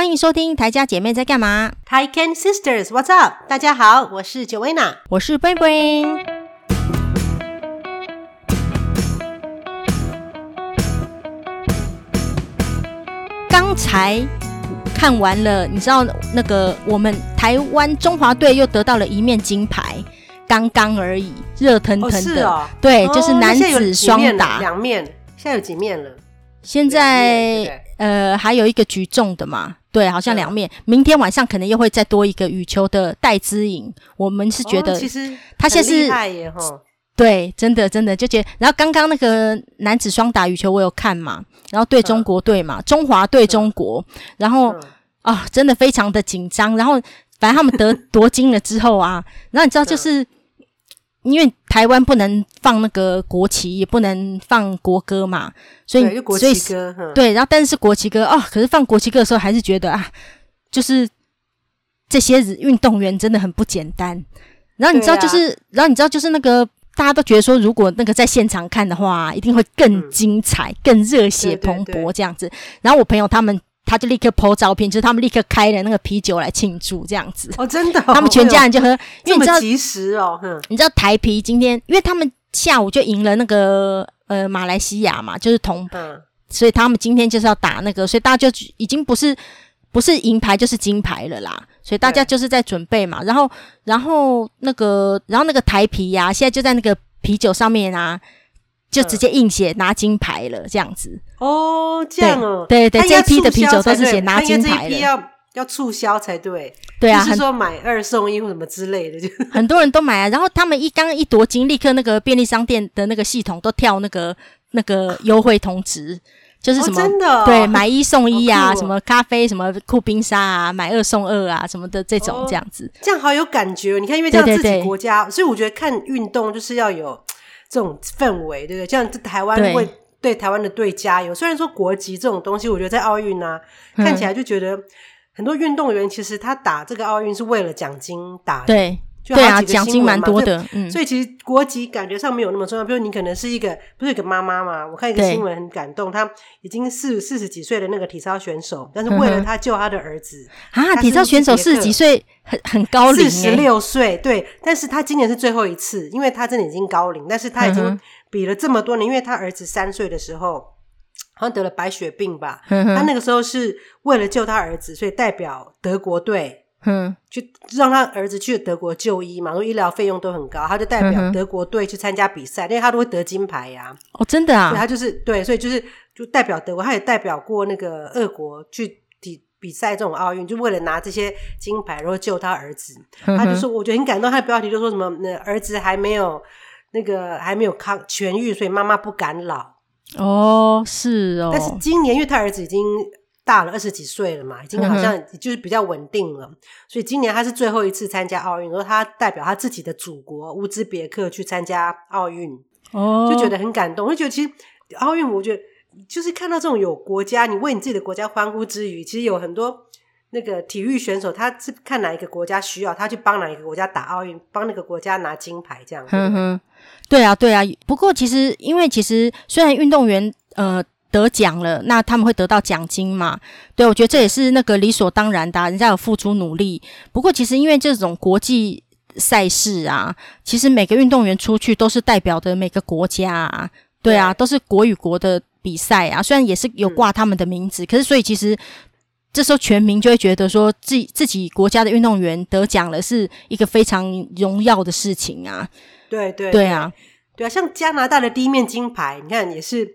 歡迎收聽台家姐妹在幹嘛？Tai Can Sisters，What's up？大家好，我是九維娜，我是貝貝。剛才看完了，你知道那個我們台灣中華隊又得到了一面金牌，剛剛而已，熱騰騰的。哦哦、對，哦、就是男子雙打，兩面，現在有幾面了？現在呃，還有一個舉重的嘛。對，好像兩面。嗯、明天晚上可能又會再多一個羽球的戴資穎，我們是覺得，哦、其實他現在是很厲害耶，嗯、對，真的真的就覺得。然後剛剛那個男子雙打羽球，我有看嘛，然後對中國隊嘛，嗯、中華對中國，嗯、然後啊、嗯哦，真的非常的緊張。然後反正他們得 奪金了之後啊，然後你知道就是、嗯、因為。台灣不能放那個國旗，也不能放國歌嘛，所以對所以對，然後但是是國旗歌哦，可是放國旗歌的時候還是覺得啊，就是這些運動員真的很不簡單。然後你知道就是，啊、然後你知道就是那個大家都覺得說，如果那個在現場看的話，一定會更精彩，嗯、更熱血蓬勃這樣子。對對對，然後我朋友他們。他就立刻 po 照片，就是他們立刻開了那個啤酒來慶祝這樣子。哦，真的、哦，他們全家人就喝。有因為你知道這麼及時哦，你知道台啤今天，因為他們下午就贏了那個呃馬來西亞嘛，就是銅牌，哼所以他們今天就是要打那個，所以大家就已經不是不是銀牌就是金牌了啦。所以大家就是在準備嘛，對然後然後那個然後那個台啤呀、啊，現在就在那個啤酒上面啊。就直接硬寫拿金牌了，這樣子哦，這樣哦對，對對對，這批的啤酒都是寫拿金牌的，要要促銷才對，才對，對啊，是說買二送一或什麼之類的，很就很多人都買啊。然後他們一剛一奪金，立刻那個便利商店的那個系統都跳那個那個優惠通知，就是什麼、哦真的哦、對買一送一啊，哦酷哦什麼咖啡什麼酷冰沙啊，買二送二啊什麼的這種這樣子、哦，這樣好有感覺。你看，因為這樣自己國家，對對對所以我覺得看運動就是要有。這種氛圍，對不對？像台灣會對台灣的隊加油。對雖然說國籍這種東西，我覺得在奧運呢，嗯、看起來就覺得很多運動員其實他打這個奧運是為了獎金打的。對。對啊，獎金蠻多的，嗯，所以其實國籍感覺上沒有那麼重要。比如你可能是一個不是一個媽媽嘛，我看一個新聞很感動，她對已經四四十幾歲的那個體操選手，但是為了他救他的兒子，嗯、啊，體操選手四十幾歲很很高齡，欸，四十六歲對，但是他今年是最後一次，因為他真的已經高齡，但是他已經比了這麼多年，因為他兒子三歲的時候好像得了白血病吧，嗯、哼他那個時候是為了救他兒子，所以代表德國隊。嗯，去讓他兒子去德國就醫嘛，因為醫療費用都很高。他就代表德國隊去參加比賽，嗯、哼因為他都會得金牌呀、啊。哦，真的啊，他就是對，所以就是就代表德國，他也代表過那個俄國去比比賽這種奧運，就為了拿這些金牌，然後救他兒子。嗯、哼他就說，我覺得很感動，他的標題就說什麼，那兒子還沒有那個還沒有康痊愈，所以媽媽不敢老。哦，是哦。但是今年因為他兒子已經。大了二十幾歲了嘛，已經好像就是比較穩定了。嗯、哼所以今年他是最後一次參加奧運，而他代表他自己的祖國烏茲別克去參加奧運，哦、就覺得很感動。我覺得其實奧運，我覺得就是看到這種有國家，你為你自己的國家歡呼之餘，其實有很多那個體育選手，他是看哪一個國家需要，他去幫哪一個國家打奧運，幫那個國家拿金牌這樣。嗯哼，對啊，對啊。不過其實因為其實雖然運動員呃。得獎了，那他們會得到獎金嗎？對，我覺得這也是那個理所當然的，啊，人家有付出努力。不過其實因為這種國際賽事啊，其實每個運動員出去都是代表的每個國家，啊。對啊，對都是國與國的比賽啊。雖然也是有掛他們的名字，嗯、可是所以其實這時候全民就會覺得說，自己自己國家的運動員得獎了，是一個非常榮耀的事情啊。對對對，對啊，對啊，像加拿大的第一面金牌，你看也是。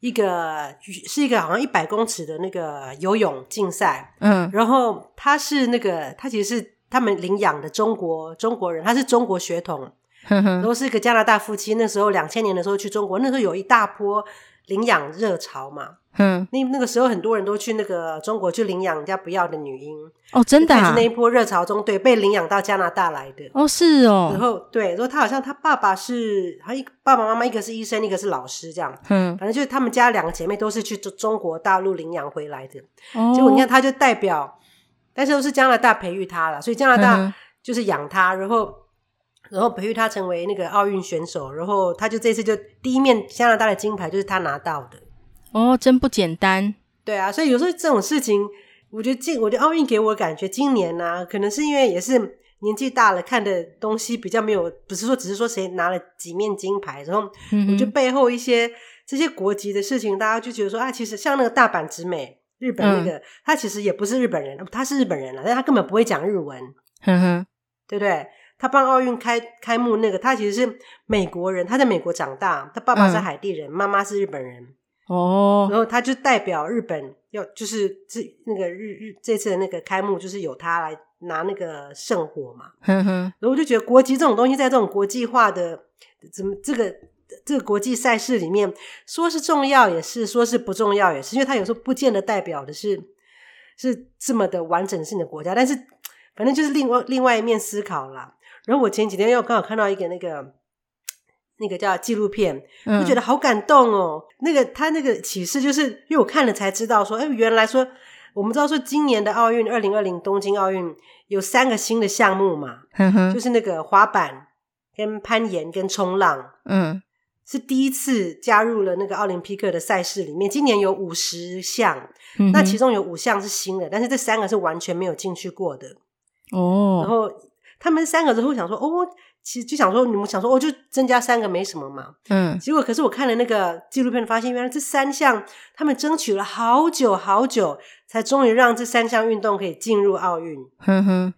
一個是一個好像一百公尺的那個游泳競賽，嗯，然後他是那個他其實是他們領養的中國中國人，他是中國血統，然後是一個加拿大夫妻，那時候兩千年的時候去中國，那時候有一大波領養熱潮嘛。嗯，那那個時候很多人都去那個中國去領養人家不要的女嬰哦，真的、啊，來那一波熱潮中，對，被領養到加拿大來的哦，是哦，然後對，然後他好像他爸爸是他一個爸爸媽媽一個是醫生，一個是老師這樣，嗯，反正就是他們家兩個姐妹都是去中國大陸領養回來的，哦、結果你看他就代表，但是都是加拿大培育他啦，所以加拿大就是養他，嗯、哼然後然後培育他成為那個奧運選手，然後他就這次就第一面加拿大的金牌就是他拿到的。哦，真不簡單。對啊，所以有時候這種事情，我覺得這，我覺得奧運給我感覺，今年呢、啊，可能是因為也是年紀大了，看的東西比較沒有，不是說只是說誰拿了幾面金牌，然後我覺得背後一些、嗯、哼這些國籍的事情，大家就覺得說啊，其實像那個大阪直美，日本那個，嗯、他其實也不是日本人，他是日本人了、啊，但他根本不會講日文，哼哼呵，對不對？他幫奧運開開幕那個，他其實是美國人，他在美國長大，他爸爸是海地人，嗯、媽媽是日本人。哦，oh. 然後他就代表日本，要就是這那個日日這次的那個開幕，就是由他來拿那個聖火嘛。 然後我就覺得國籍這種東西，在這種國際化的怎麼這個這個國際賽事裡面，說是重要也是，說是不重要也是，因為他有時候不見得代表的是是這麼的完整性的國家，但是反正就是另外另外一面思考了。然後我前幾天又剛好看到一個那個。那個叫紀錄片，我覺得好感動哦、喔。嗯、那個他那個啟示，就是因為我看了才知道說，說、欸、哎，原來說我們知道說今年的奧運二零二零東京奧運有三個新的項目嘛，呵呵就是那個滑板，跟攀岩，跟衝浪，嗯，是第一次加入了那個奧林匹克的賽事裡面。今年有五十項，那其中有五項是新的，嗯、哼但是這三個是完全沒有進去過的哦。然後他們三個之後想說，哦。其實就想說，你們想說，哦，就增加三個沒什麼嘛。嗯，結果可是我看了那個紀錄片，發現原來這三項他們爭取了好久好久，才終於讓這三項運動可以進入奧運。哼哼呵，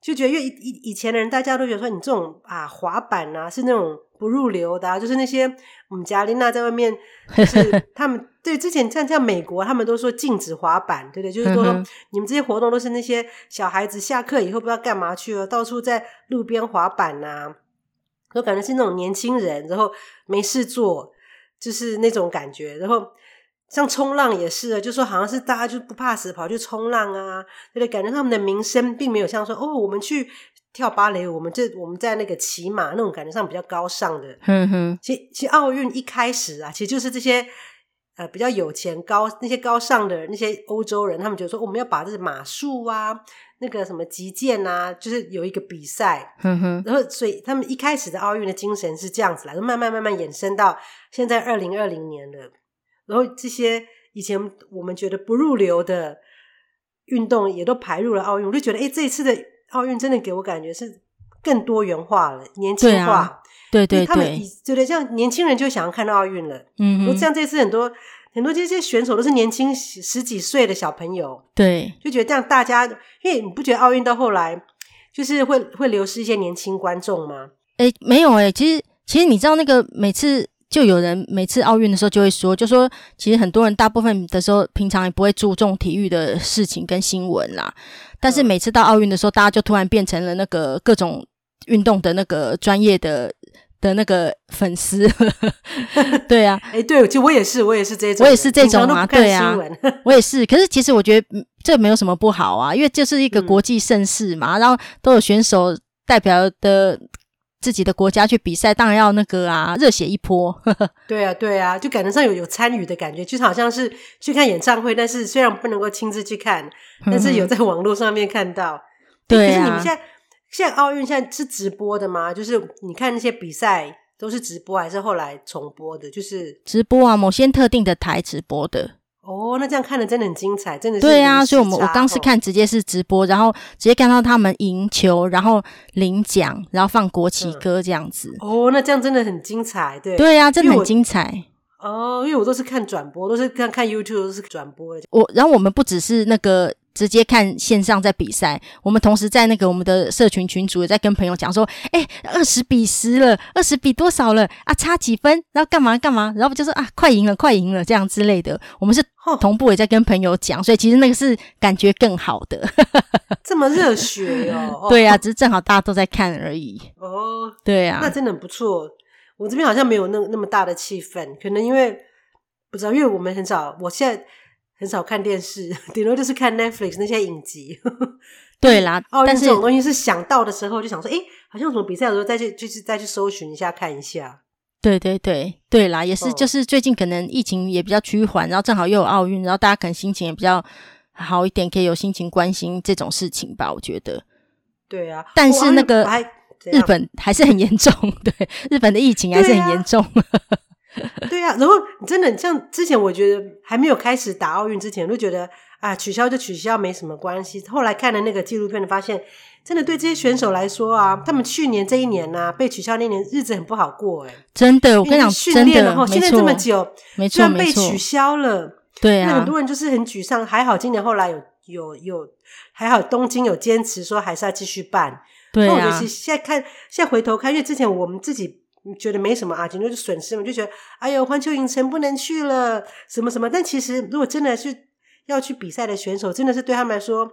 就覺得因為以以前的人，大家都覺得說，你這種啊滑板啊是那種不入流的，啊，就是那些我們嘉麗娜在外面，就是他們。 對，之前像像美國，他們都說禁止滑板，對不對？就是說，說你們這些活動都是那些小孩子下課以後不知道幹嘛去了、哦，到處在路邊滑板吶、啊。我感覺是那種年輕人，然後沒事做，就是那種感覺。然後像衝浪也是啊，就是、說好像是大家就不怕死，跑去衝浪啊，對不對？感覺他們的名聲並沒有像說哦，我們去跳芭蕾舞，我們這我們在那個騎馬，那種感覺上比較高尚的。嗯哼， 其其實奧運一開始啊，其實就是這些。呃，比較有錢高那些高尚的那些歐洲人，他們覺得說、哦、我們要把這馬術啊，那個什麼擊劍啊，就是有一個比賽，嗯、哼然後所以他們一開始的奧運的精神是這樣子來的，慢慢慢慢衍生到現在二零二零年了，然後這些以前我們覺得不入流的運動也都排入了奧運，我就覺得哎、欸，這一次的奧運真的給我感覺是更多元化了，年輕化。對對對，對，他們對對，像年輕人就想要看到奧運了，嗯哼，像這次很多很多這些選手都是年輕十幾歲的小朋友，對，就覺得這樣大家，因為你不覺得奧運到後來就是會會流失一些年輕觀眾嗎？哎、欸，沒有哎、欸，其實其實你知道那個每次就有人每次奧運的時候就會說，就說其實很多人大部分的時候平常也不會注重體育的事情跟新聞啦，嗯、但是每次到奧運的時候，大家就突然變成了那個各種運動的那個專業的。的那個粉絲， 對啊，哎， 欸、對，就我也是，我也是這種，我也是這種啊，對啊， 我也是。可是其實我覺得這沒有什麼不好啊，因為這是一個國際盛事嘛，嗯、然後都有選手代表的自己的國家去比賽，當然要那個啊，熱血一波。 對啊，對啊，就感覺上有有參與的感覺，就好像是去看演唱會，但是雖然不能夠親自去看，嗯、哼但是有在網絡上面看到。對啊。欸，可是你們現在現在奧運現在是直播的嗎？就是你看那些比賽都是直播，還是後來重播的？就是直播啊，某些特定的台直播的。哦，那這樣看的真的很精彩，真的是。對啊，所以我們、哦、我當時看直接是直播，然後直接看到他們贏球，然後領獎，然後放國旗歌這樣子、嗯。哦，那這樣真的很精彩，對。對啊，真的很精彩。哦、呃，因為我都是看轉播，都是看看 YouTube 都是轉播的。的。我然後我們不只是那個。直接看線上在比賽，我們同時在那個我們的社群群組也在跟朋友講說，誒、欸，二十比十了，二十比多少了啊？差幾分？然後幹嘛幹嘛？然後就是啊，快贏了，快贏了這樣之類的。我們是同步也在跟朋友講，所以其實那個是感覺更好的， 這麼熱血哦。 嗯、對啊，只是正好大家都在看而已。哦，對啊、哦，那真的很不錯。我這邊好像沒有那那麼大的氣氛，可能因為不知道，因為我們很少，我現在，很少看電視，頂多就是看 Netflix 那些影集。 對啦，但是這種東西是想到的時候就想說，哎、欸，好像有什麼比賽，的時候再去就是再去搜尋一下看一下。對對對對啦，也是、哦、就是最近可能疫情也比較趨緩，然後正好又有奧運，然後大家可能心情也比較好一點，可以有心情關心這種事情吧，我覺得。對啊，但是那個日本還是很嚴重，對，日本的疫情還是很嚴重。 對啊，然後真的像之前，我覺得還沒有開始打奧運之前，都覺得啊，取消就取消，沒什麼關係。後來看了那個紀錄片，發現真的對這些選手來說啊，他們去年這一年啊，被取消那一年，日子很不好過誒、欸、真的，我跟你講，訓練然後真的，現在這麼久，沒錯錯，被取消了，對啊錯，那很多人就是很沮喪。啊、還好今年後來有有有，還好東京有堅持說，還是要繼續辦。對啊，我覺得現在看，現在回頭看，因為之前我們自己。你覺得沒什麼啊，頂多、是、就損失嘛，就覺得哎呦，環球影城不能去了，什麼什麼。但其實，如果真的是要去比賽的選手，真的是對他們來說，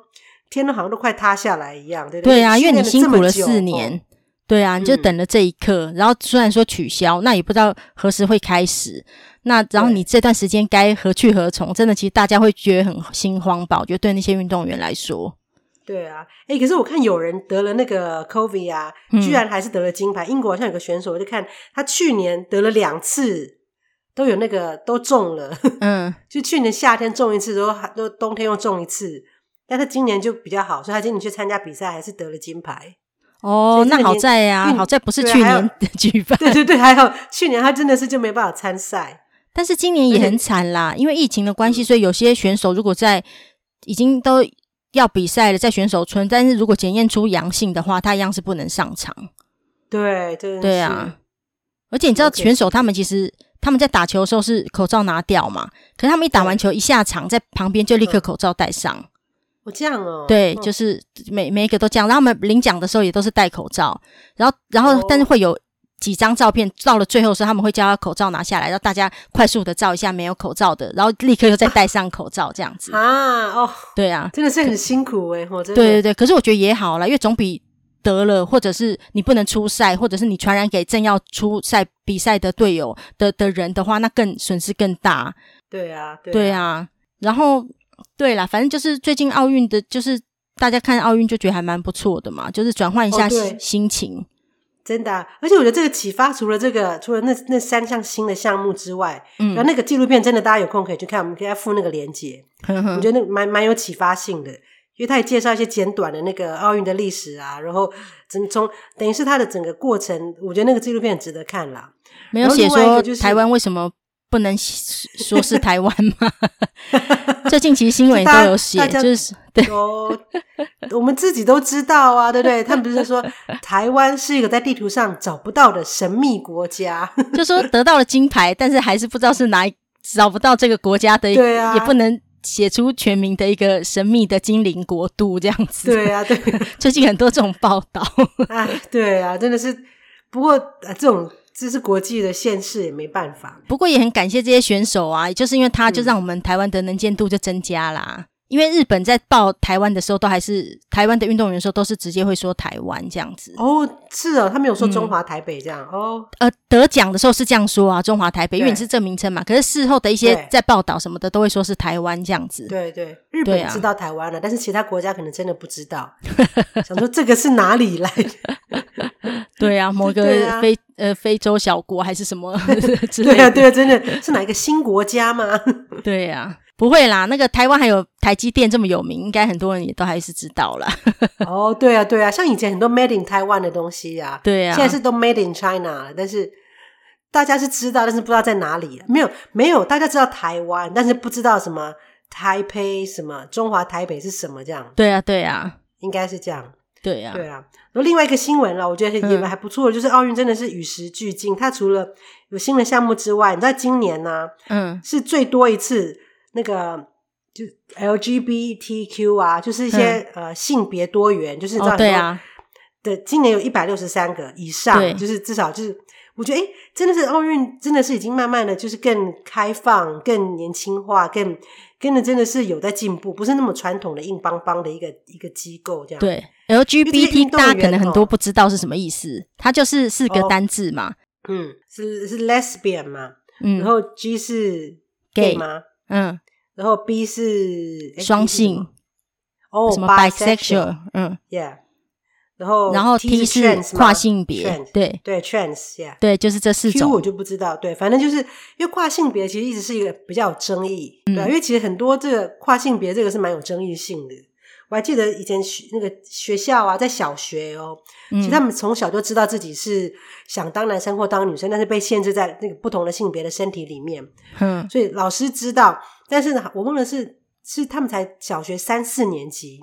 天都好像都快塌下來一樣，對不對？對啊，因為你辛苦了四年，哦、對啊，你就等了這一刻，嗯、然後雖然說取消，那也不知道何時會開始，那然後你這段時間該何去何從？對真的，其實大家會覺得很心慌吧？我覺得對那些運動員來說。對啊，哎、欸，可是我看有人得了那個 COVID 啊，嗯、居然還是得了金牌。英國好像有個選手，我就看他去年得了兩次，都有那個都中了。嗯， 就去年夏天中一次，然後，都冬天又中一次，但他今年就比較好，所以他今年去參加比賽還是得了金牌。哦，那好在呀、啊，因為好在不是去年的舉辦對。 對對對，還好，去年他真的是就沒辦法參賽。但是今年也很慘啦，且因為疫情的關係，所以有些選手如果在已經都。要比賽了，在選手村。但是如果檢驗出陽性的話，他一樣是不能上場。對對對啊！而且你知道選手他們其實 Okay. 他們在打球的時候是口罩拿掉嘛，可是他們一打完球一下場，在旁邊就立刻口罩戴上。我這樣哦。對，就是每、嗯、每一個都這樣。然後我們領獎的時候也都是戴口罩。然後，然後、oh. 但是會有。幾張照片到了最後時候，他們會叫他口罩拿下來，讓大家快速的照一下沒有口罩的，然後立刻又再戴上口罩這樣子啊，啊哦，對啊，真的是很辛苦誒。哎，對對對，可是我覺得也好啦，因為總比得了或者是你不能出賽，或者是你傳染給正要出賽比賽的隊友的的人的話，那更損失更大。對啊，對啊，對啊，然後對啦，反正就是最近奧運的，就是大家看奧運就覺得還蠻不錯的嘛，就是轉換一下心情。哦真的、啊，而且我覺得這個啟發，除了這個，除了那那三項新的項目之外，嗯，然後那個紀錄片真的，大家有空可以去看，我們可以再附那個鏈接。呵呵，我覺得那蠻蠻有啟發性的，因為他也介紹一些簡短的那個奧運的歷史啊，然後從從等於是他的整個過程，我覺得那個紀錄片值得看啦。沒有寫說、就是、台灣為什麼。不能說是台灣嗎？ 最近其實新聞也都有寫， 是就是對，我們自己都知道啊，對不對？他們不是說 台灣是一個在地圖上找不到的神秘國家，就說得到了金牌，但是還是不知道是哪，找不到這個國家的，啊、也不能寫出全名的一個神秘的精靈國度這樣子，對啊，對啊。最近很多這種報道 啊，對啊，真的是。不過啊，這種。這是國際的現實，也沒辦法。不過也很感謝這些選手啊，也就是因為他就讓我們台灣的能見度就增加了啊。嗯因為日本在報台灣的時候，都還是台灣的運動員的時候，都是直接會說台灣這樣子。哦，是啊、哦，他沒有說中華台北這樣。嗯、哦，呃，得獎的時候是這樣說啊，中華台北，對因為你是這名稱嘛。可是事後的一些在報道什麼的，都會說是台灣這樣子。對對，日本、啊、知道台灣了，但是其他國家可能真的不知道， 想說這個是哪裡來的？ 對啊，某個非呃非洲小國還是什麼？ 對啊對啊，真的是哪一個新國家嗎？ 對呀、啊。不會啦，那個台灣還有台積電這麼有名，應該很多人也都還是知道了。哦 ，oh, 對啊，對啊，像以前很多 made in 台灣的東西呀，啊，對啊，現在是都 made in China 了，但是大家是知道，但是不知道在哪裡，啊。沒有，沒有，大家知道台灣，但是不知道什麼台北，什麼中華台北是什麼這樣。對啊，對啊、嗯，應該是這樣。對啊，對啊。然後另外一個新聞了，我覺得也還不錯，就是奧運真的是與時俱進。嗯，它除了有新的項目之外，你知道今年呢，啊，嗯，是最多一次。.那個就 LGBTQ 啊，就是一些、嗯、呃性別多元，就是這樣啊，對，今年有一百六十三個以上，哦對啊，就是至少就是，我覺得誒、欸，真的是奧運，真的是已經慢慢的，就是更開放、更年輕化、更，真的真的是有在進步，不是那麼傳統的硬邦邦的一個一個機構這樣。對，LGBT 大家可能很多不知道是什麼意思，它就是四個單字嘛。哦、嗯，是是 lesbian 嘛嗯，然後 G 是 g gay 嗎？嗯，然後 B 是雙性，哦，oh, 什麼 bisexual, bisexual，嗯，yeah，然後然後 T 是 trans 跨性別，trans, 對對，trans，yeah，對，就是這四種我就不知道，對，反正就是因為跨性別其實一直是一個比較有爭議，對啊，嗯，因為其實很多這個跨性別這個是蠻有爭議性的。我還記得以前學那個學校啊，在小學哦、喔，其實他們從小就知道自己是想當男生或當女生，但是被限制在那個不同的性別的身體裡面。嗯、所以老師知道，但是我問的是是他們才小學三四年級，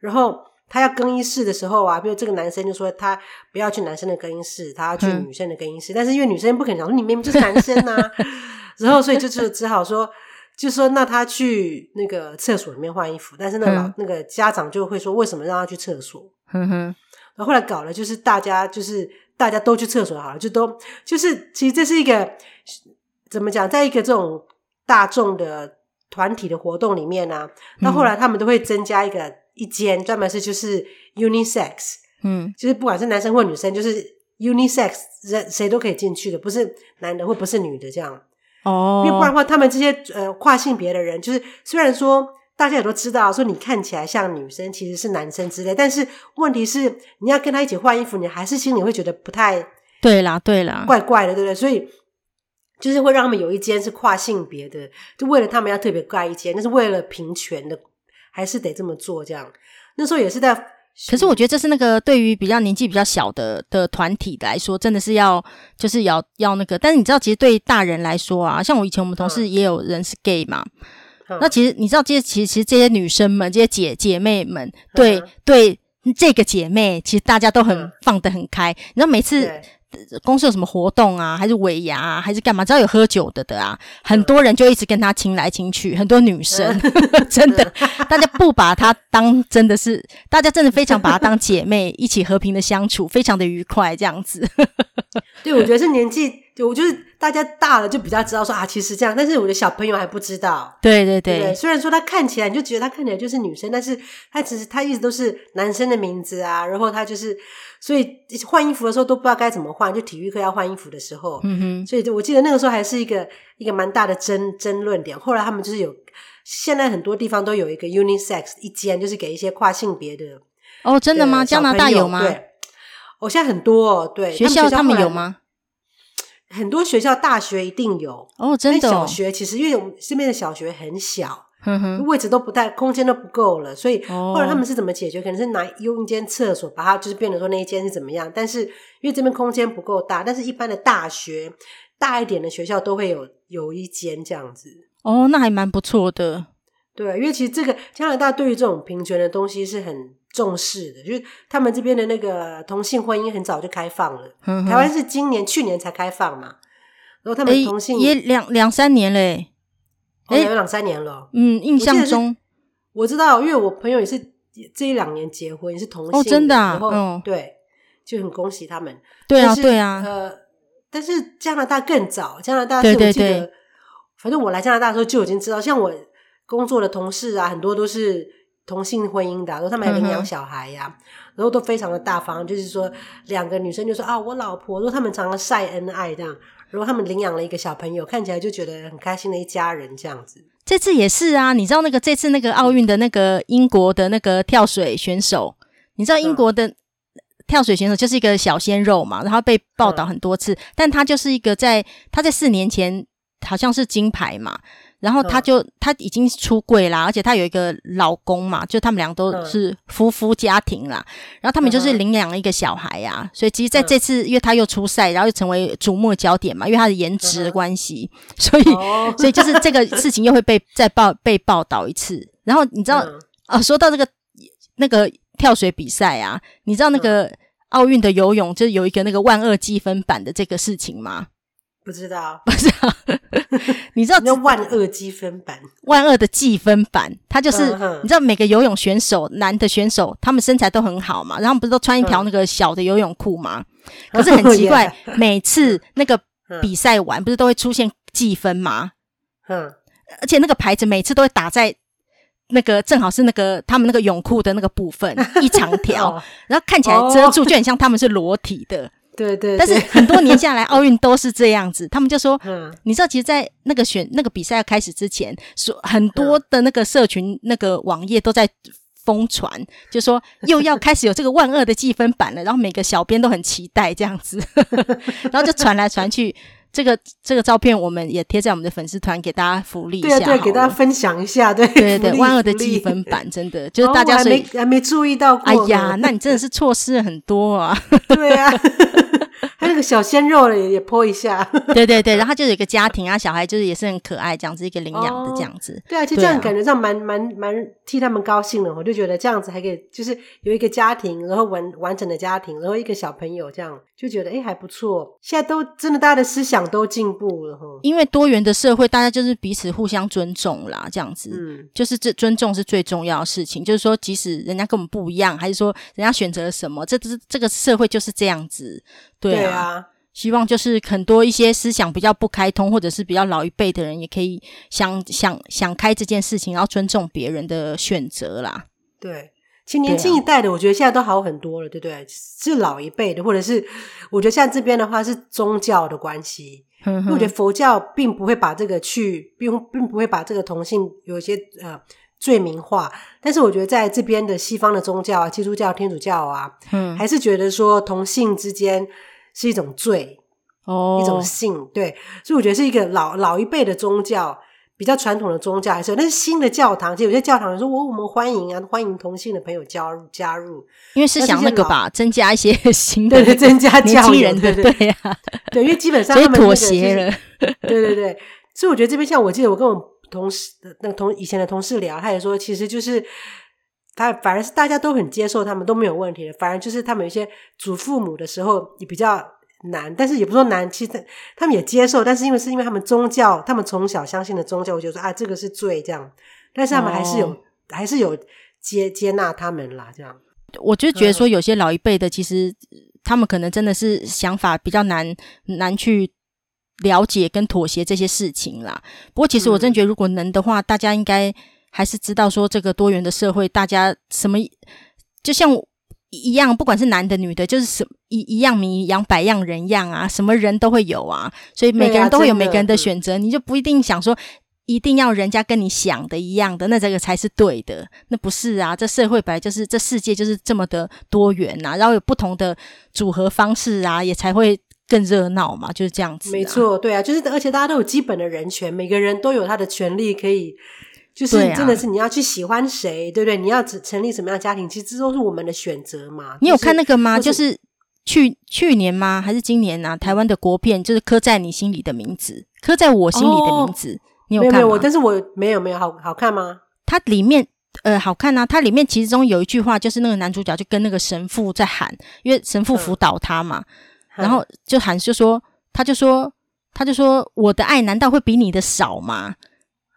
然後他要更衣室的時候啊，比如這個男生就說他不要去男生的更衣室，他要去女生的更衣室，嗯、但是因為女生不肯講說你明明就是男生吶、啊， 然後所以就就只好說。就說那他去那個廁所裡面換衣服，但是那老、嗯、那個家長就會說，為什麼讓他去廁所？哼、嗯嗯嗯、然後後來搞了，就是大家就是大家都去廁所好了，就都就是其實這是一個怎麼講，在一個這種大眾的團體的活動裡面呢、啊？那、嗯、後來他們都會增加一個一間專門是就是 unisex，嗯，就是不管是男生或女生，就是 unisex 人誰都可以進去的，不是男的或不是女的這樣。哦，因為不然的話，他們這些呃跨性別的人，就是雖然說大家也都知道，說你看起來像女生，其實是男生之類，但是問題是，你要跟他一起換衣服，你還是心裡會覺得不太對啦，對啦，怪怪的，對不對？所以就是會讓他們有一間是跨性別的，就為了他們要特別蓋一間，但是為了平權的，還是得這麼做。這樣那時候也是在。是，可是我覺得這是那個對於比較年紀比較小的的團體來說，真的是要就是要要那個。但是你知道，其實對大人來說啊，像我以前我們同事也有人是 gay 嘛，嗯、那其實你知道，這些其實其實這些女生們，這些姐姐妹們，嗯、對，對對這個姐妹，其實大家都很放得很開。嗯、你知道每次。公司有什麼活動啊？還是尾牙、啊，還是幹嘛？只要有喝酒的的啊，很多人就一直跟他親來親去，很多女生、嗯、 真的，嗯、大家不把她當 真的是，大家真的非常把她當姐妹， 一起和平的相處，非常的愉快，這樣子。對，我覺得是年紀，我就是。大家大了就比較知道說啊，其實這樣，但是我的小朋友還不知道。對對對，對，雖然說他看起來，你就覺得他看起來就是女生，但是他其實他一直都是男生的名字啊。然後他就是，所以換衣服的時候都不知道該怎麼換，就體育課要換衣服的時候。嗯哼，所以就我記得那個時候還是一個一個蠻大的爭爭論點。後來他們就是有，現在很多地方都有一個 unisex 一間，就是給一些跨性別的。哦，真的嗎？的加拿大有嗎？對，哦，現在很多、哦、對學校，他們，學校他們有嗎？很多學校大學一定有哦，真的，哦。小學其實因為我們身邊的小學很小，呵呵位置都不大，空間都不夠了，所以後來他們是怎麼解決？哦，可能是拿用一間廁所把它就是變得說那一間是怎麼樣？但是因為這邊空間不夠大，但是一般的大學大一點的學校都會有有一間這樣子。哦，那還蠻不錯的。對，因為其實這個加拿大對於這種平權的東西是很。重視的，就是他們這邊的那個同性婚姻很早就開放了。嗯、哼台灣是今年，去年才開放嘛？然後他們同性也兩兩、欸、三年嘞、欸，哎、哦，有兩、欸、三年了。嗯，印象中我，我知道，因為我朋友也是這一兩年結婚，也是同性，哦，真的、啊。然後，嗯、對，就很恭喜他們。對啊，是對啊，呃，但是加拿大更早，加拿大是我記得對對對，反正我來加拿大的時候就已經知道，像我工作的同事啊，很多都是。同性婚姻的、啊，然後他們還領養小孩呀、啊，嗯、哼然後都非常的大方，就是說兩個女生就說啊，我老婆，如果他們常常曬恩愛這樣，然後他們領養了一個小朋友，看起來就覺得很開心的一家人這樣子。這次也是啊，你知道那個這次那個奧運的那個英國的那個跳水選手，你知道英國的、嗯、跳水選手就是一個小鮮肉嘛，然後被報道很多次，嗯、但他就是一個在他在四年前好像是金牌嘛。然後他就、嗯、他已經出櫃啦，而且他有一個老公嘛，就他們倆都是夫夫家庭啦。嗯、然後他們就是領養了一個小孩啊，嗯、所以其實在這次，嗯、因為他又出賽，然後又成為矚目的焦點嘛，因為他的顏值的關係，嗯、所以、哦、所以就是這個事情又會被再報被報道一次。然後你知道啊、嗯哦，說到這、那個那個跳水比賽啊，你知道那個奧運的游泳，就是有一個那個萬惡計分板的這個事情嗎？不知道，不 知道，你知道叫萬惡計分板，萬惡的計分板，它就是、嗯嗯、你知道每個游泳選手，男的選手，他們身材都很好嘛，然後不是都穿一條那個小的游泳褲嗎？嗯、可是很奇怪，oh、yeah 每次那個比賽完，嗯嗯、不是都會出現計分嗎？嗯，而且那個牌子每次都會打在那個正好是那個他們那個泳褲的那個部分，嗯、一長條， 哦、然後看起來遮住，就很像他們是裸體的。對對，對，但是很多年下來，奧運都是這樣子。 他們就說，你知道，其實，在那個選那個比賽開始之前，很多的那個社群那個網頁都在瘋傳，就說又要開始有這個萬惡的計分板了。然後每個小編都很期待這樣子， 然後就傳來傳去。這個這個照片，我們也貼在我們的粉絲團，給大家福利一下，對、啊、對，給大家分享一下，對對對，利萬惡的計分板利真的就是大家，哦、還沒還沒注意到過。哎呀，那你真的是錯失了很多啊！ 對啊，他那個小鮮肉也， 也潑一下，對對對，然後就有一個家庭啊，小孩就是也是很可愛，這樣子一個領養的這樣子，哦、對啊，就這樣感覺上蠻，啊、蠻蠻，蠻替他們高興的，我就覺得這樣子還可以，就是有一個家庭，然後完完整的家庭，然後一個小朋友這樣。就覺得哎、欸、還不錯，現在都真的大家的思想都進步了哈。因為多元的社會，大家就是彼此互相尊重啦，這樣子，嗯、就是這尊重是最重要的事情。就是說，即使人家跟我們不一樣，還是說人家選擇了什麼，這這這個社會就是這樣子，對啊。對啊，希望就是很多一些思想比較不開通，或者是比較老一輩的人，也可以想想想開這件事情，然後尊重別人的選擇啦。對。其實年輕一代的，啊，我覺得現在都好很多了，對不對，對？是老一輩的，或者是我覺得像這邊的話，是宗教的關係。嗯呵，因為我覺得佛教並不會把這個去，並不會把這個同性有一些呃罪名化。但是我覺得在這邊的西方的宗教啊，基督教、天主教啊，嗯，還是覺得說同性之間是一種罪哦，一種性對。所以我覺得是一個老老一輩的宗教。比較傳統的宗教還是，那是新的教堂。其實有些教堂說，我我們歡迎啊，歡迎同性的朋友加入加入，因為是想那個吧，增加一些新的，對對對，增加年輕人的，對呀，對，對，因為基本上也妥協了，對對對。所以我覺得這邊像我記得我跟我同事那個同以前的同事聊，他也說，其實就是他反而是大家都很接受，他們都沒有問題的，反而就是他們有些祖父母的時候，也比較。難，但是也不說難，其實他們也接受，但是因為是因為他們宗教，他們從小相信的宗教，我覺得說啊，這個是罪這樣，但是他們還是有，哦、還是有接接納他們啦，這樣，我就覺得說有些老一輩的，其實、嗯、他們可能真的是想法比較難難去了解跟妥協這些事情啦。不過其實我真覺得，如果能的話，嗯、大家應該還是知道說這個多元的社會，大家什麼就像。一樣，不管是男的女的，就是什一一樣米一樣百樣人樣啊，什麼人都會有啊，所以每個人都會有每個人的選擇，啊、你就不一定想說一定要人家跟你想的一樣的，那這個才是對的，那不是啊，這社會本來就是這世界就是這麼的多元啊，然後有不同的組合方式啊，也才會更熱鬧嘛，就是這樣子，啊，沒錯，對啊，就是而且大家都有基本的人權，每個人都有他的權利可以。就是真的是你要去喜歡誰，對，啊、對不對？你要成成立什麼樣的家庭，其實這都是我們的選擇嘛。你有看那個嗎？就是、就是、去去年嗎？還是今年啊？台灣的國片就是刻在你心裡的名字，刻在我心裡的名字。哦、你有看嗎？但是我沒有沒有，沒有，沒有好好看嗎？它裡面呃好看啊，它裡面其中有一句話，就是那個男主角就跟那個神父在喊，因為神父輔導他嘛，嗯、然後就喊就說，他就說他就說，他就說我的愛難道會比你的少嗎？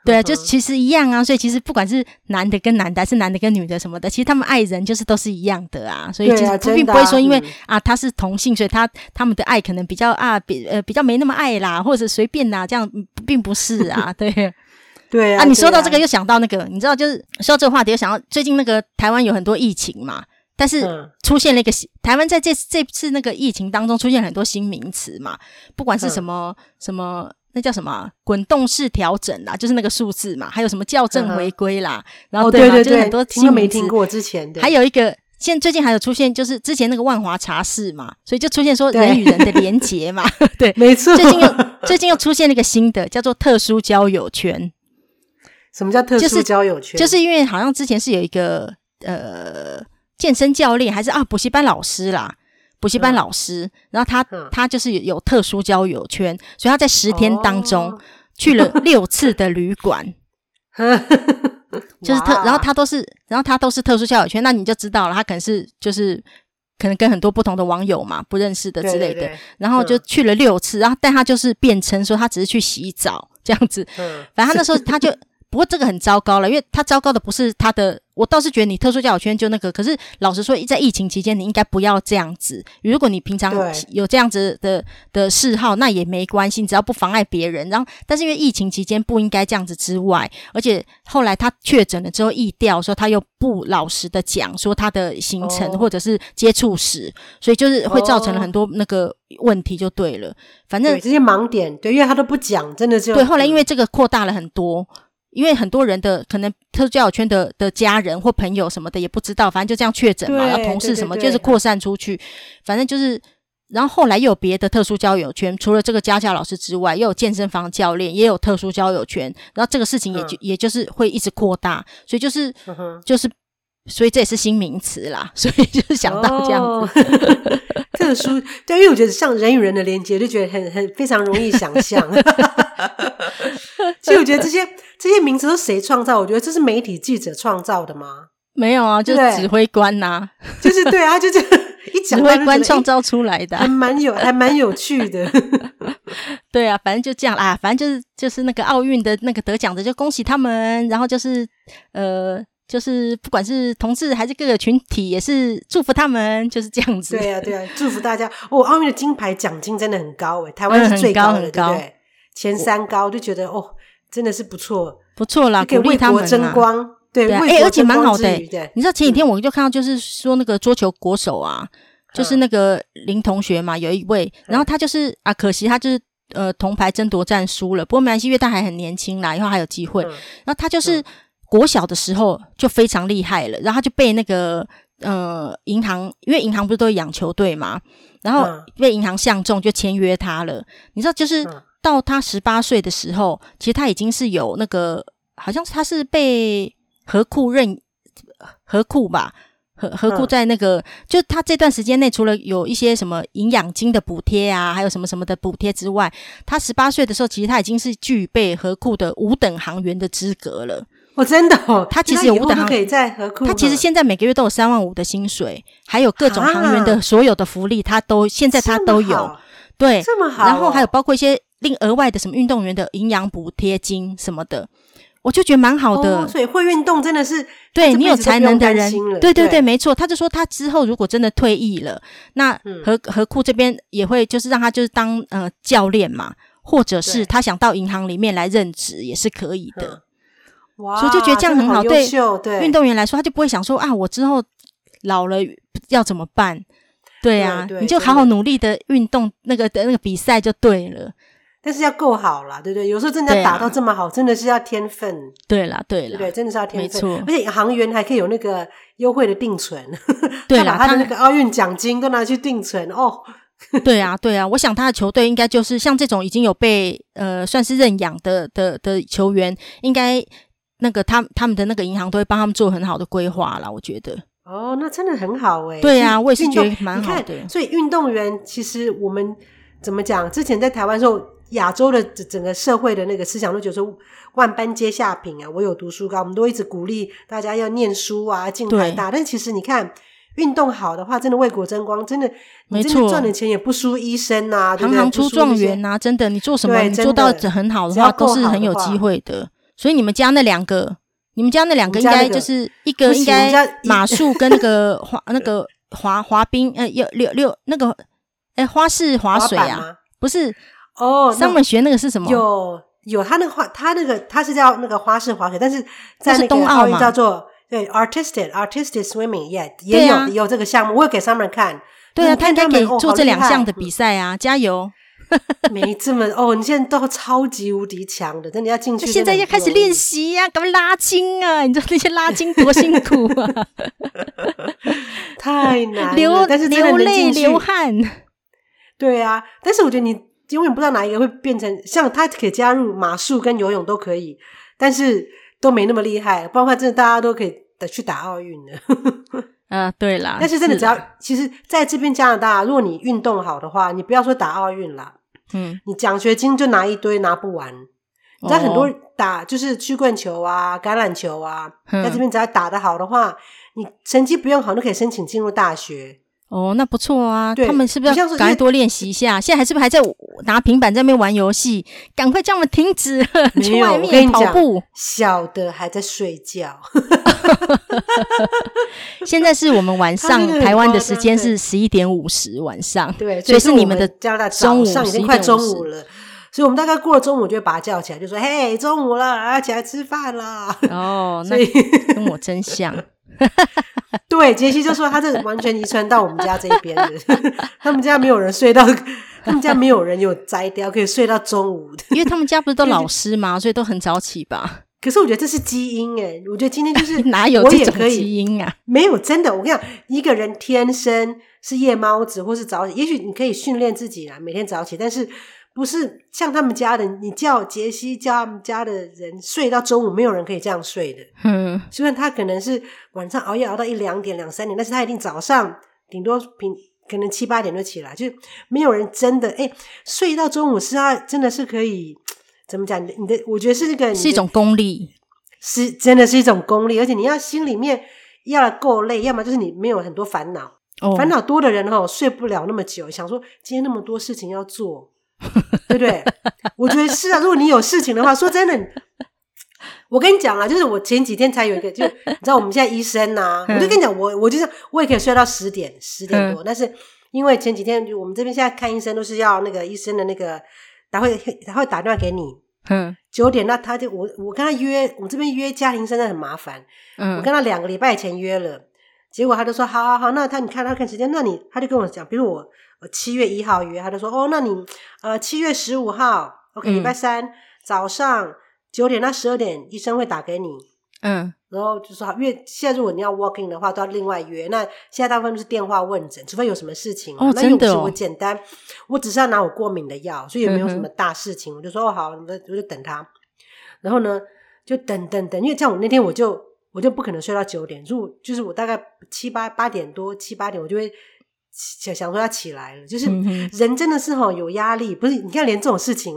對啊，就其實一樣啊，所以其實不管是男的跟男的，還是男的跟女的什麼的，其實他們愛人就是都是一樣的啊。所以其實並不不會說，因為啊，啊，、嗯、啊他是同性，所以他他們的愛可能比較啊比呃比較沒那麼愛啦，或者隨便啦、啊。這樣，並不是啊。對， 對啊，啊。你說到這個又想到那個，啊啊、你知道就是說到這個話題又想到最近那個台灣有很多疫情嘛，但是出現了一個、嗯、台灣在這這次那個疫情當中出現了很多新名詞嘛，不管是什麼、嗯、什麼。那叫什麼啊，滾動式調整啦，就是那個數字嘛，還有什麼校正回歸啦，呵呵，然後對，哦，對對對，很多新聽都沒聽過。之前還有一個現在最近還有出現，就是之前那個萬華茶室嘛，所以就出現說人與人的連結嘛，對，沒 錯。最近又最近又出現了一個新的，叫做特殊交友圈。什麼叫特殊交友圈？就是，就是因為好像之前是有一個呃健身教練，還是啊補習班老師啦。補習班老師，嗯、然後他、嗯、他就是有特殊交友圈，所以他在十天當中去了六次的旅館，哦、 就是特，然後他都是，然後他都是特殊交友圈，那你就知道了，他可能是就是可能跟很多不同的網友嘛，不認識的之類的，對對對嗯、然後就去了六次，然後但他就是辯稱說他只是去洗澡這樣子，嗯、反正他那時候他就。嗯 不過這個很糟糕了，因為他糟糕的不是他的，我倒是覺得你特殊教育圈就那個。可是老實說，在疫情期間，你應該不要這樣子。如果你平常對有這樣子的的嗜好，那也沒關係，只要不妨礙別人。然後，但是因為疫情期間不應該這樣子之外，而且後來他確診了之後的時候，疫調說他又不老實的講說他的行程或者是接觸史，哦、所以就是會造成了很多那個問題，就對了。反正這些盲點，對，因為他都不講，真的就對，對，後來因為這個擴大了很多。因為很多人的可能特殊交友圈，的的家人或朋友什麼的也不知道，反正就這樣確診嘛，對然後同事什麼對對對就是擴散出去，嗯、反正就是，然後後來又有別的特殊交友圈，除了這個家教老師之外，又有健身房教練，也有特殊交友圈，然後這個事情也就、嗯、也就是會一直擴大，所以就是、嗯、哼就是，所以這也是新名詞啦，所以就是想到這樣子、哦呵呵，特殊，對因為我覺得像人與人的連接，就覺得很很非常容易想象。 其實我覺得這些這些名字都誰創造？我覺得這是媒體記者創造的嗎？沒有啊，就是指揮官吶、啊，就是對啊，就是一講就指揮官創造出來的，還蠻有，還蠻有趣的。 對啊，反正就這樣啊，反正就是就是那個奧運的那個得獎的，就恭喜他們。然後就是呃，就是不管是同志還是各個群體，也是祝福他們，就是這樣子。對啊，對啊，祝福大家。哦，奧運的金牌獎金真的很高哎，台灣是最高的，哦、很高。對不對？前三高就覺得哦，真的是不錯，不錯啦，可以他們爭光，對，哎，而且蠻好的。你知道前幾天我就看到，就是說那個桌球國手啊，就是那個林同學嘛，有一位，然後他就是啊，可惜他就是呃銅牌爭奪戰輸了。不過沒關係，他還很年輕啦，以後還有機會。然後他就是國小的時候就非常厲害了，然後就被那個呃銀行，因為銀行不是都養球隊嘛，然後被銀行相中就簽約他了。你知道就是。到他十八歲的時候，其實他已經是有那個，好像他是被合庫認合庫吧，合合庫在那個，嗯、就他這段時間內，除了有一些什麼營養金的補貼啊，還有什麼什麼的補貼之外，他十八歲的時候，其實他已經是具備合庫的五等行員的資格了。我、哦、真的，哦，他其實有五等行員，他以可以在合庫。他其實現在每個月都有三萬五的薪水，還有各種行員的所有的福利，他都哈現在他都有。這麼好對，這麼好哦，然後還有包括一些。另額外的什麼運動員的營養補貼金什麼的，我就覺得蠻好的。所以會運動真的是對你有才能的人，對對對，對，沒錯。他就說他之後如果真的退役了，那何何庫這邊也會就是讓他就是當呃教練嘛，或者是他想到銀行裡面來任職也是可以的。哇，所以我就覺得這樣很好，對運動員來說他就不會想說啊，我之後老了要怎麼辦？對啊，你就好好努力的運動那個的那個比賽就對了。但是要夠好啦，對不對，對？有時候真的要打到這麼好，啊、真的是要天分。對啦，對啦，對，對，對，真的是要天分。沒錯錯，而且行員還可以有那個優惠的定存。對啦 他把他的那個奧運獎金都拿去定存他哦。 對啊，對啊，我想他的球隊應該就是像這種已經有被呃算是認養的的的球員，應該那個他他們的那個銀行都會幫他們做很好的規劃了。我覺得哦，那真的很好哎、欸。對啊，運我也是覺得蠻好的。所以運動員其實我們怎麼講？之前在台灣的時候。亞洲的整整個社會的那個思想，都覺得說萬般皆下品啊！我有讀書高，我們都一直鼓勵大家要念書啊，進台大。對但其實你看，運動好的話，真的為國爭光，真的沒錯錯，賺點錢也不輸醫生吶、啊，行行出狀元吶、啊，真的。你做什麼，對你做到很好的話，的都是很有機會的。的所以你們家那兩個，你們家那兩個應該就是一個應該馬術跟那個滑那個滑滑冰，呃，六六六那個，哎、欸，花式滑水啊，不是。哦，上面學那個是什麼？有有，他那個花，他那個他是叫那個花式滑雪，但是在那個東奧叫做對 artistic artistic swimming，也也有有這個項目，我有給上面看。對啊，他應做這兩項的比賽啊，加油！沒這麼哦，你現在都超級無敵強的，真的要進去，現在要開始練習啊，搞拉筋啊，你知道那些拉筋多辛苦啊，太難了，但是流淚流汗。對啊，但是我覺得你。因為你不知道哪一個會變成像他可以加入馬術跟游泳都可以，但是都沒那麼厲害，不然的話真的大家都可以的去打奧運了。對啦。但是真的只要啦其實在這邊加拿大，如果你運動好的話，你不要說打奧運啦，嗯，你獎學金就拿一堆拿不完。你知道很多打就是曲棍球啊、橄欖球啊，嗯、在這邊只要打得好的話，你成績不用好都可以申請進入大學。哦，那不錯啊！他們是不是要趕快多練習一下？現在還是不是還在拿平板在那邊玩遊戲？趕快叫我們停止！沒有，我跟你講，去外面跑步，小的還在睡覺。現在是我們晚上台灣的時間是十一點五十晚上，對，所以是你們的加拿大早上也是快中午了，所以我們大概過了中午就會把他叫起來，就說：“嘿，中午了，起來吃飯了。”哦，那跟我真像。 對，杰西就是說他這完全遺傳到我們家這邊的， 他們家沒有人睡到，他們家沒有人有摘掉可以睡到中午的， 因為他們家不是都老師嘛， 所以，所以都很早起吧。可是我覺得這是基因誒、欸、我覺得今天就是 哪有這種基因啊？沒有真的，我跟你講，一個人天生是夜貓子或是早起，也許你可以訓練自己啦，每天早起，但是。不是像他們家的，你叫杰西叫他們家的人睡到中午，沒有人可以這樣睡的。嗯，雖然他可能是晚上熬夜熬到一兩點、兩三點，但是他一定早上頂多平可能七八點就起來，就沒有人真的哎、欸、睡到中午是他真的是可以怎麼講？你的我覺得是這個是一種功力，是真的是一種功力，而且你要心裡面要夠累，要麼就是你沒有很多煩惱，煩惱、哦、多的人哈、喔、睡不了那麼久，想說今天那麼多事情要做。 對不對？我覺得是啊。 如果你有事情的話，說真的，我跟你講啊，就是我前幾天才有一個，就你知道我們現在醫生吶、啊，嗯、我就跟你講，我我就是我也可以睡到十點、十點多，嗯、但是因為前幾天我們這邊現在看醫生都是要那個醫生的那個他會，他會打電話給你。嗯，九點那他就我我跟他約，我這邊約家庭醫生真的很麻煩。嗯，我跟他兩個禮拜前約了，結果他就說好好好，那他你看他看時間，那你他就跟我講，比如我。我七月一號約，他就說：“哦，那你呃七月十五號、嗯、，OK，禮拜三早上九點到十二點，醫生會打給你。”嗯，然後就說：“好，因為現在如果你要 walk in 的話，都要另外約。那現在大部分都是電話問診，除非有什麼事情、啊。哦，那又不是，我簡單，哦、我只是要拿我過敏的藥，所以也沒有什麼大事情。嗯、哼我就說、哦、好，我我就等他。然後呢，就等等等，因為像我那天，我就我就不可能睡到九點，如、就、果、是、就是我大概七八八點多七八點，我就會。”想想說要起來了，就是人真的是哈有壓力，不是你看連這種事情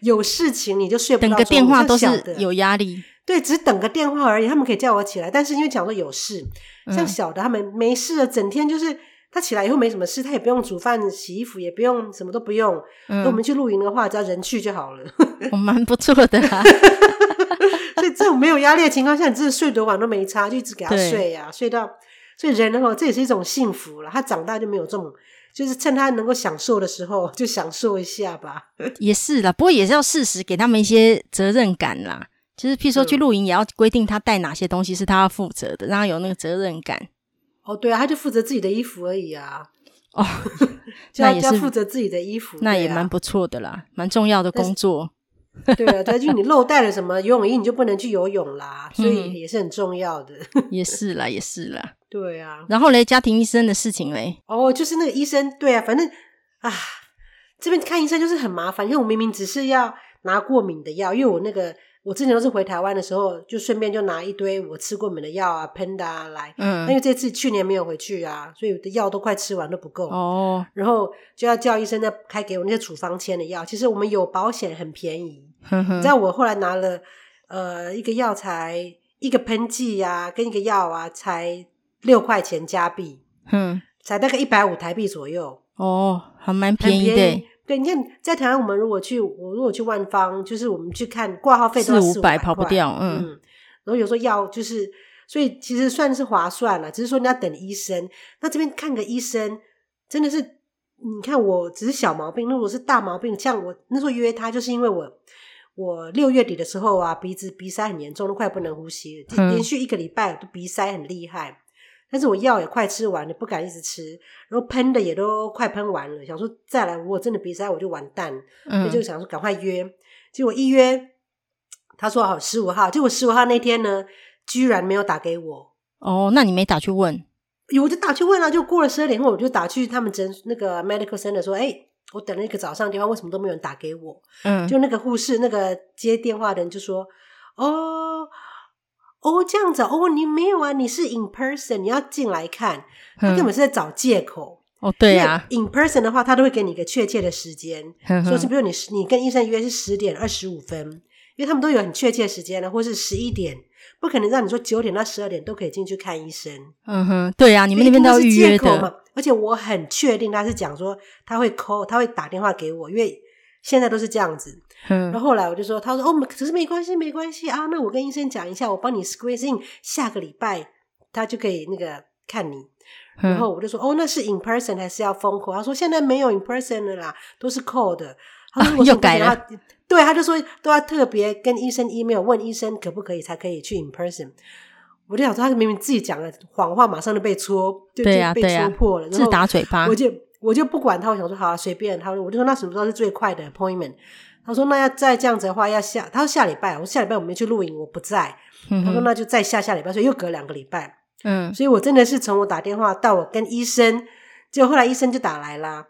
有事情你就睡不着覺。等個電話都是有壓力的，對，只等個電話而已。他們可以叫我起來，但是因為講說有事，像小的他們沒事，了，嗯、整天就是他起來以後沒什麼事，他也不用煮飯、洗衣服，也不用什麼都不用。嗯、我們去露營的話，只要人去就好了。我蠻不錯的、啊， 所以這種沒有壓力的情況下，你真的睡多晚都沒差，就一直給他睡呀、啊，對睡到。所以人哦，這也是一種幸福啦。他長大就沒有這種，就是趁他能夠享受的時候就享受一下吧。也是啦，不過也是要適時給他們一些責任感啦。就是譬如說去露營，也要規定他帶哪些東西是他要負責的，嗯、讓他有那個責任感。哦，對啊，他就負責自己的衣服而已啊。哦，那也是負責自己的衣服，那也蠻不錯的啦，蠻重要的工作。但是對啊，就你漏帶了什麼游泳衣，你就不能去游泳啦。嗯、所以也是很重要的。也是啦，也是啦。對啊，然後嘞，家庭醫生的事情嘞，哦，oh, 就是那個醫生，對啊，反正啊，這邊看醫生就是很麻煩，因為我明明只是要拿過敏的藥，因為我那個我之前都是回台灣的時候，就順便就拿一堆我吃過敏的藥啊、噴的啊來，嗯，因為這次去年沒有回去啊，所以我的藥都快吃完都不夠哦，然後就要叫醫生再開給我那些處方籤的藥，其實我們有保險很便宜，呵呵你知道我後來拿了呃一個藥材、一個噴劑啊，跟一個藥啊才六塊錢加幣，嗯，才大概一百五台幣左右哦，還蠻便宜的便宜。對，你看在台灣，我們如果去，我如果去萬芳，就是我們去看掛號費四五百，跑不掉。嗯，嗯，然後有時候要就是，所以其實算是划算了，只是說你要等醫生。那這邊看個醫生真的是，你看我只是小毛病，那如果我是大毛病，像我那時候約他，就是因為我我六月底的時候啊，鼻子鼻塞很嚴重，都快不能呼吸，嗯、連續一個禮拜我都鼻塞很厲害。但是我藥也快吃完了，不敢一直吃，然後噴的也都快噴完了，想說再來，我真的鼻塞我就完蛋，我、嗯、就想說趕快約。結果一約，他說好十五號。結果十五號那天呢，居然沒有打給我。哦，那你沒打去問？有，我就打去問了、啊。就過了十二點後，我就打去他們診那個 medical center 說，哎、欸，我等了一個早上電話，為什麼都沒有人打給我？嗯，就那個護士那個接電話的人就說，哦。哦，oh, 這樣子哦，oh, 你沒有啊？你是 in person，你要進來看，他根本是在找借口哦。Oh, 對呀、啊、，in person 的話，他都會給你一個確切的時間，哼哼說是比如你你跟醫生約是十點二十五分，因為他們都有很確切的時間了，或是十一點，不可能讓你說九點到十二點都可以進去看醫生。嗯哼，對啊，你們那邊都是預約是借口嘛。而且我很確定他是講說他會 call，他會打電話給我，因為。現在都是這樣子，嗯，然後後來我就說，他說哦，可是沒關係，沒關係啊，那我跟醫生講一下，我幫你 squeeze in，下個禮拜他就可以那個看你，嗯、然後我就說哦，那是 in person 還是要 phone call？他說現在沒有 in person 了啦，都是 call 的。他說、啊、又改了他，對，他就說都要特別跟醫生 email，問醫生可不可以才可以去 in person。我就想說，他明明自己講了謊話，馬上就被戳，就對呀、啊，被戳破了，啊、然後自打嘴巴。我就不管他，我想說好啊，隨便他。我就說，那什麼時候是最快的 appointment？他說，那要再這樣子的話，要下他說下禮拜。我說下禮拜我沒去錄影，我不在。他說那就再下下禮拜，所以又隔兩個禮拜。嗯，所以我真的是從我打電話到我跟醫生，就後來醫生就打來啦。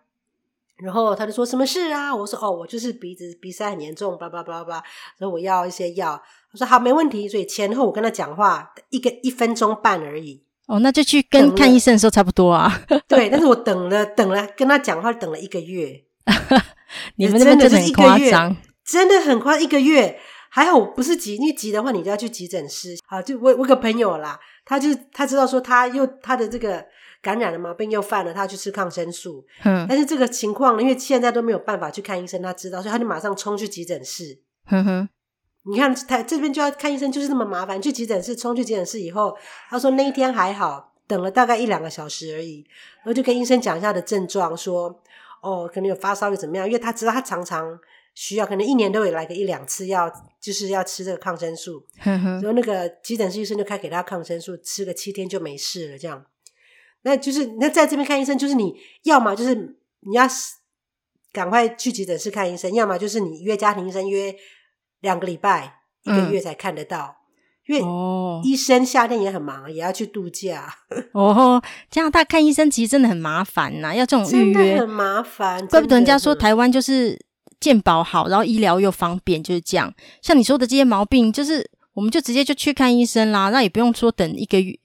然後他就說什麼事啊？我說哦，我就是鼻子鼻塞很嚴重，巴拉巴拉巴拉，所以我要一些藥。他說好，沒問題。所以前後我跟他講話一個一分鐘半而已。哦，那就去跟看醫生的時候差不多啊。對， 但是我等了，等了，跟他講話等了一個月。 你們這邊真的很誇張，真的很誇張，一個月。還好不是急，你急的話，你就要去急診室啊。就我我有個朋友啦，他就他知道說他又他的這個感染了嘛，病又犯了，他要去吃抗生素。嗯。但是這個情況，因為現在都沒有辦法去看醫生，他知道，所以他就馬上衝去急診室。嗯哼。你看他這邊就要看醫生，就是那麼麻煩。去急診室衝去急診室以後，他說那一天還好，等了大概一兩個小時而已。然後就跟醫生講一下的症狀，說哦，可能有發燒又怎麼樣。因為他知道他常常需要，可能一年都會來個一兩次要，要就是要吃這個抗生素。然後呵那個急診室醫生就開給他抗生素，吃個七天就沒事了。這樣，那就是那在這邊看醫生，就是你要麼就是你要趕快去急診室看醫生，要麼就是你約家庭醫生約兩個禮拜一個月才看得到，嗯、因為醫生夏天也很忙，也要去度假。 哦，加拿大看醫生其實真的很麻煩吶、啊，要這種預約真的很麻煩，怪不得人家說台灣就是健保好，嗯、然後醫療又方便，就是這樣。像你說的這些毛病，就是我們就直接就去看醫生啦，那也不用說等一個預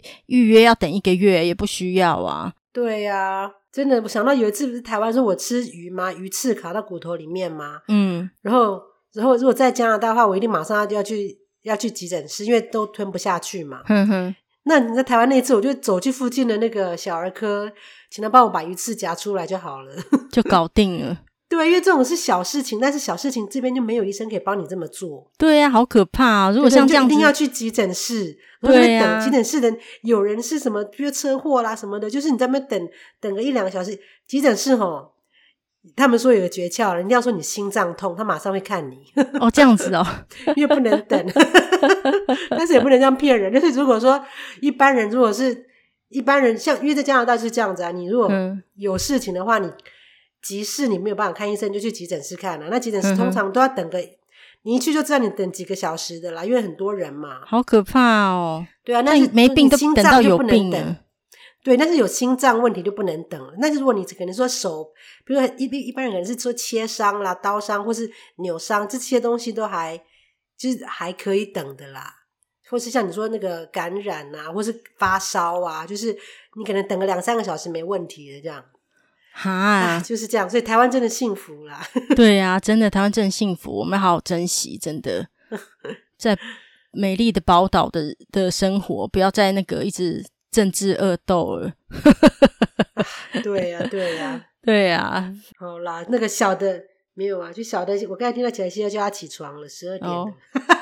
約要等一個月，也不需要啊。對呀、啊，真的我想到有一次不是台灣說我吃魚嗎？魚刺卡到骨頭裡面嗎？嗯，然後。然後，如果在加拿大的話，我一定馬上就要去要去急診室，因為都吞不下去嘛。哼， 那你在台灣那一次，我就走去附近的那個小兒科，請他幫我把魚刺夾出來就好了， 就搞定了。對，因為這種是小事情，但是小事情這邊就沒有醫生可以幫你這麼做。對呀、啊，好可怕啊！如果像這樣對對，一定要去急診室。對啊，等急診室的人有人是什麼，比如車禍啦什麼的，就是你在那邊等等個一兩個小時，急診室吼。他們說有個訣竅，人家要說你心臟痛，他馬上會看你。哦，這樣子哦，因為不能等， 但是也不能這樣騙人。 就是如果說一般人，如果是一般人像，像因為在加拿大是這樣子啊，你如果有事情的話，你急事你沒有辦法看醫生，就去急診室看啊。那急診室通常都要等個，嗯、哼你一去就知道你等幾個小時的啦，因為很多人嘛。好可怕哦！對啊，那你心臟不能等，沒病都等到有病。對，但是有心臟問題就不能等了。那如果你只可能說手，比如說一一般人可能是說切傷啦、刀傷或是扭傷這些東西都還就是還可以等的啦，或是像你說那個感染啊，或是發燒啊，就是你可能等個兩三個小時沒問題的這樣。哈、啊啊，就是這樣。所以台灣真的幸福啦。對啊，真的台灣真的幸福，我們好好珍惜，真的在美麗的寶島的的生活，不要在那個一直。政治惡鬥了、啊，對呀、啊，對呀、啊，對呀、啊。好啦，那個小的沒有啊，就小的，我剛才聽到起來，現在叫他起床了，十二點。哦、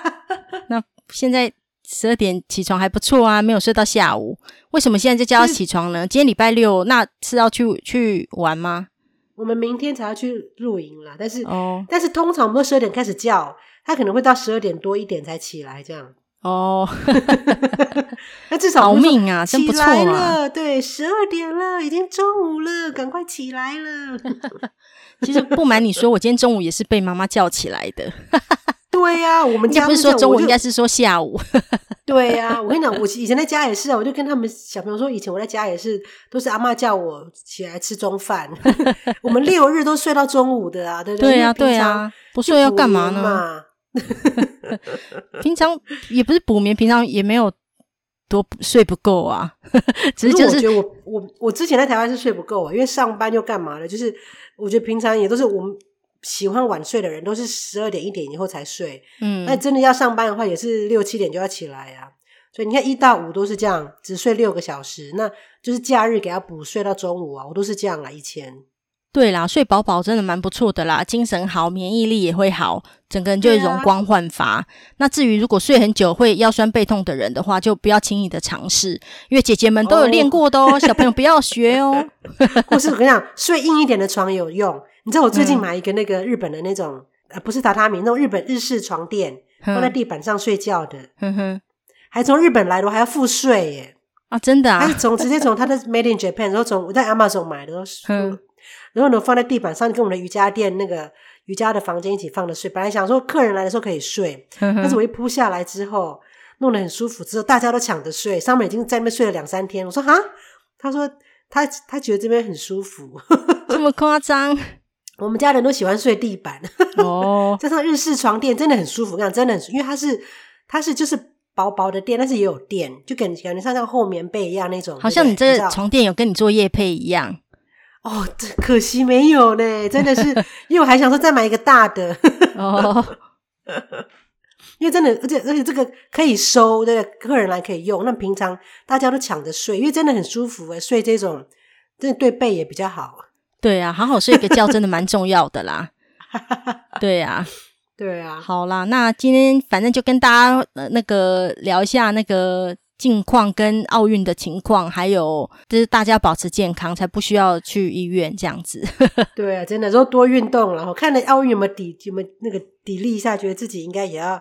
那現在十二點起床還不錯啊，沒有睡到下午。為什麼現在就叫他起床呢？是今天禮拜六，那是要去去玩嗎？我們明天才要去露營啦。但是哦，但是通常我們都十二點開始叫他，可能會到十二點多一點才起來這樣。哦，那至少保命啊，真不錯嘛，對，十二點了，已經中午了，趕快起來了。其實不瞞你說，我今天中午也是被媽媽叫起來的。對呀，我們家不是說中午，應該是說下午。對啊，我跟你講，我以前在家也是啊，我就跟他們小朋友說，以前我在家也是都是阿嬤叫我起來吃中飯。我們六日都睡到中午的啊，對不對？對啊，對啊，不睡要幹嘛呢？ 平常也不是補眠，平常也沒有多睡不夠啊。只是、就是、是我覺得我我我之前在台灣是睡不夠啊，因為上班又幹嘛了？就是我覺得平常也都是我們喜歡晚睡的人，都是十二點一點以後才睡。嗯，那真的要上班的話，也是六七點就要起來啊，所以你看，一到五都是這樣，只睡六個小時，那就是假日給他補睡到中午啊。我都是這樣啦，以前。對啦，睡飽飽真的蠻不錯的啦，精神好，免疫力也會好，整個人就會容光煥發。啊、那至於如果睡很久會腰酸背痛的人的話，就不要輕易的嘗試，因為姐姐們都有練過的哦。哦 小朋友不要學哦。 我是跟你講，睡硬一點的床有用。你知道我最近買一個那個日本的那種，嗯、呃，不是榻榻米，那種日本日式床墊，嗯、放在地板上睡覺的。呵哼、嗯嗯嗯、還從日本來的我還要付稅耶？啊，真的啊？總直接從他的 Made in Japan，然後 從我在 Amazon 買的哦。嗯然後呢，放在地板上，跟我們的瑜伽墊那個瑜伽的房間一起放着睡。本來想說客人來的時候可以睡，但是我一鋪下來之後，弄得很舒服，之後大家都搶着睡。上面已經在那邊睡了兩三天。我說：“哈？”他說他：“他他覺得這邊很舒服，這麼誇張？ 我們家人都喜歡睡地板。哦，加上日式床墊真的很舒服，真的很舒服，因為它是它是就是薄薄的墊，但是也有墊，就感感覺像像厚棉被一樣那種。好像你這，對對這個床墊有跟你做業配一樣。”哦，可惜沒有呢，真的是，因為我還想說再買一個大的， 因為真的，而且而且這個可以收，對，客人來可以用。那平常大家都搶着睡，因為真的很舒服，睡這種真的對背也比較好。對啊，好好睡一個覺真的蠻重要的啦。 對啊， 對啊，對啊，好啦，那今天反正就跟大家那個聊一下那個。近況跟奧運的情況，還有就是大家要保持健康，才不需要去醫院這樣子。 對、啊，真的，就多運動，然後看了奧運有沒有抵有沒有那個砥礪一下，覺得自己應該也要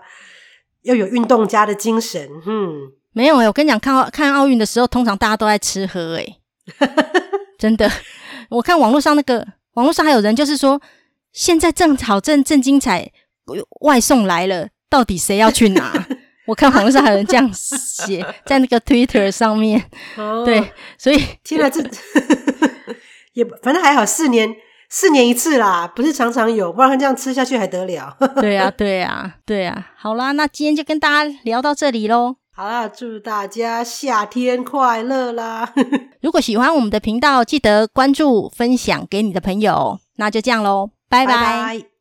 要有運動家的精神。嗯，沒有、欸、我跟你講，看奧看奧運的時候，通常大家都在吃喝哎、欸， 真的。我看網絡上那個網絡上還有人就是說，現在正好正正精彩，外送來了，到底誰要去拿？ 我看網上還能這樣寫，在那個 Twitter 上面 對，所以聽了、啊啊、這 也反正還好，四年四年一次啦，不是常常有，不然他這樣吃下去還得了？ 對啊，對啊，對啊。好啦，那今天就跟大家聊到這裡嘍。好啦，祝大家夏天快樂啦！ 如果喜歡我們的頻道，記得關注、分享給你的朋友。那就這樣嘍，拜拜。Bye bye